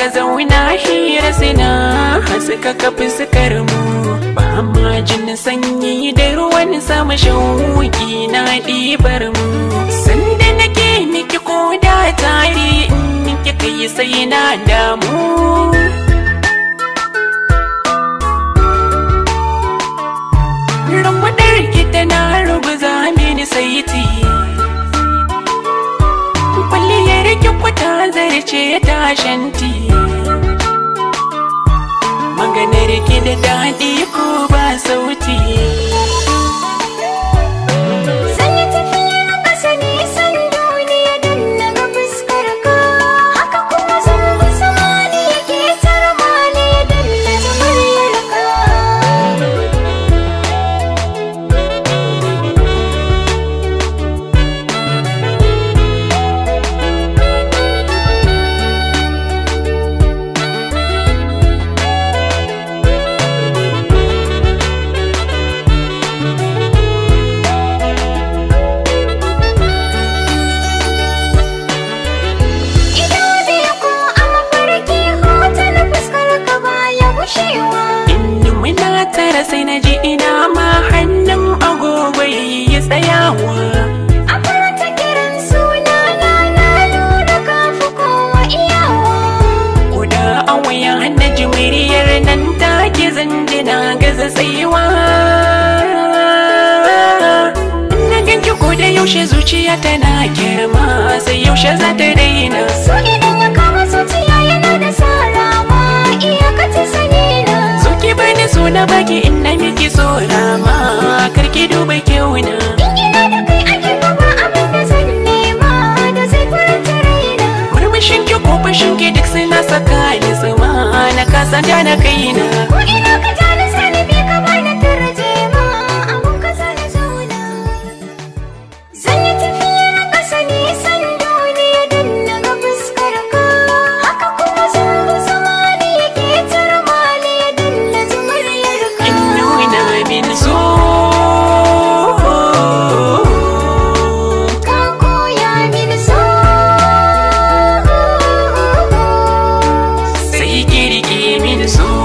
Ka zauna hira suna haska kafin sukar mu ba ma jin sanyi da ruwan sama shauki na ɗibar mu sanda nake miki koda tari in kika yi sai na damu rumbuɗar ki tana rubuza mini saiti kwalliyar ki ta zarce tashanti ke da daɗi ko Inda muna tara sai na ji ina ma hannun agogo yi tsayawa A faranta kiran suna na na lura kafu kowa iyawa Kuda a wuyan hannu jimiriyar nan take zandina gaza tsayuwa Na ganki ko da yaushe zuciya tana girma sai yaushe za daina na so na baki in na miki rama karki duba kewuna Murmushin ki ko fashin ki duk sai na saka ni zama na kasa da na kaina. Ko ina ka So.